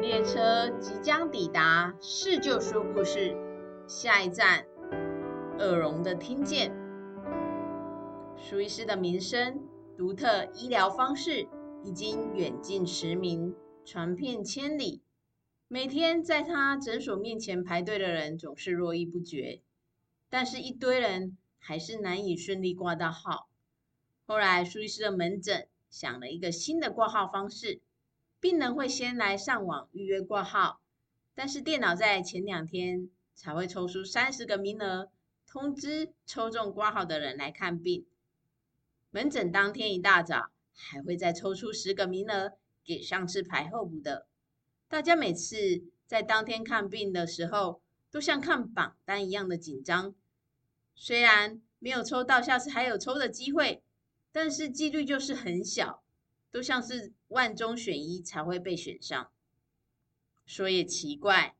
列車即將抵達，是就說故事。下一站，耳聾的聽見。舒醫師的名聲、獨特醫療方式已經遠近馳名，傳遍千里。每天在他診所面前排隊的人總是絡繹不絕，但是一堆人還是難以順利掛到號。後來，舒醫師的門診想了一個新的掛號方式。病人會先來上網預約掛號，但是電腦在前兩天才會抽出三十個名額，通知抽中掛號的人來看病。門診當天一大早，還會再抽出十個名額給上次排候補的。大家每次在當天看病的時候，都像看榜單一樣的緊張。雖然沒有抽到，下次還有抽的機會，但是幾率就是很小。都像是萬中選一才會被選上。說也奇怪，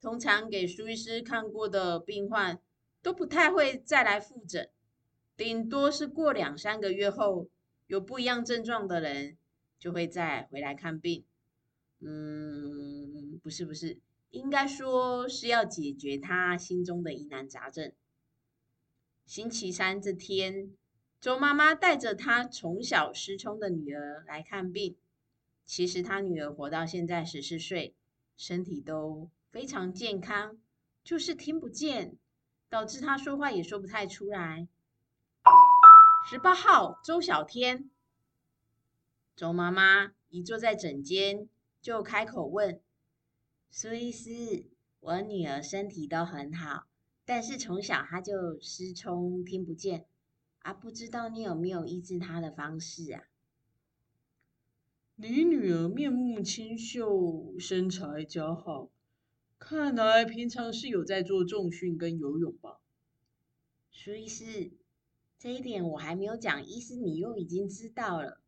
通常給舒醫師看過的病患，都不太會再來複診，頂多是過兩三個月後有不一樣症狀的人就會再回來看病。嗯，不是不是，應該說是要解決他心中的疑難雜症。星期三這天。周媽媽帶着她從小失聰的女兒來看病。其實她女兒活到現在十四歲，身體都非常健康，就是聽不見，導致她說話也說不太出來。十八號，周小天，周媽媽一坐在診間就開口問：“蘇醫師，我女兒身體都很好，但是從小她就失聰，聽不見。”不知道你有沒有醫治他的方式啊？你女兒面目清秀，身材姣好，看來平常是有在做重訓跟游泳吧？蘇醫師，這一點我還沒有講，醫師你又已經知道了。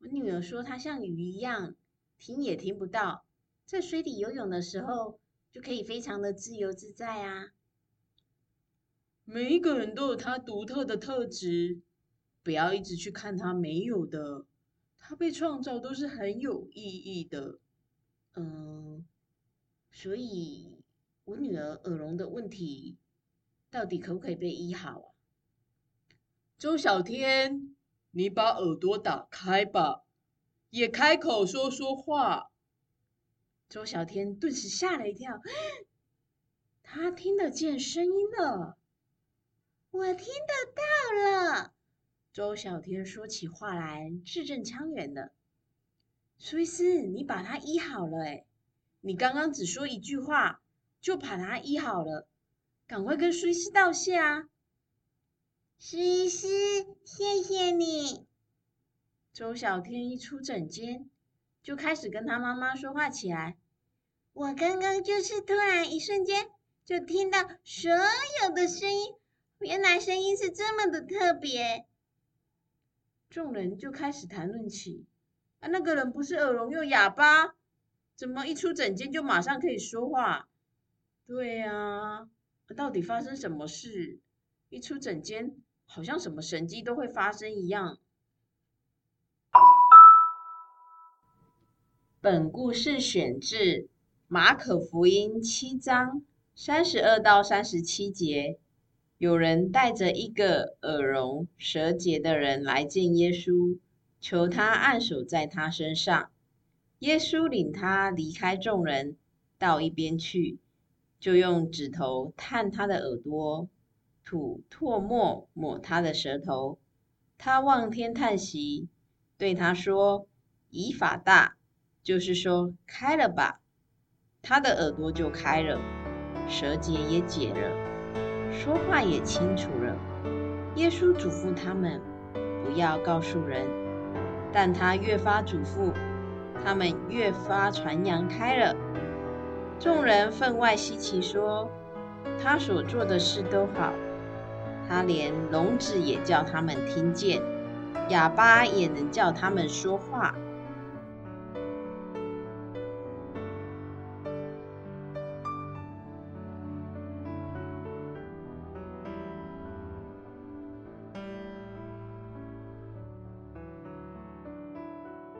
我女兒說她像魚一樣，聽也聽不到，在水底游泳的時候就可以非常的自由自在啊。每一個人都有他獨特的特質，不要一直去看他沒有的，他被創造都是很有意義的。嗯，所以，我女兒耳聾的問題，到底可不可以被醫好啊？周小天，你把耳朵打開吧，也開口說說話。周小天頓時嚇了一跳，他聽得見聲音了。我聽得到了，周小天說起話來字正腔圓的。蘇醫師，你把他醫好了哎，你剛剛只說一句話就把他醫好了，趕快跟蘇醫師道謝啊！蘇醫師，謝謝你。周小天一出診間，就開始跟他媽媽說話起來。我剛剛就是突然一瞬間，就聽到所有的聲音。原來聲音是這麼的特別，眾人就開始談論起：啊，那個人不是耳聾又啞巴，怎麼一出診間就馬上可以說話？對呀、啊，到底發生什麼事？一出診間，好像什麼神蹟都會發生一樣。本故事選自《馬可福音》七章三十二到三十七節。有人帶着一個耳聾、舌結的人來見耶穌，求他按手在他身上。耶穌領他離開眾人，到一邊去，就用指頭探他的耳朵，吐唾沫抹他的舌頭。他望天嘆息，對他說：“以法大，就是說開了吧。”他的耳朵就開了，舌結也解了。說話也清楚了。耶穌囑咐他們，不要告訴人。但他越發囑咐，他們越發傳揚開了。眾人分外稀奇說，說他所做的事都好。他連聾子也叫他們聽見，啞巴也能叫他們說話。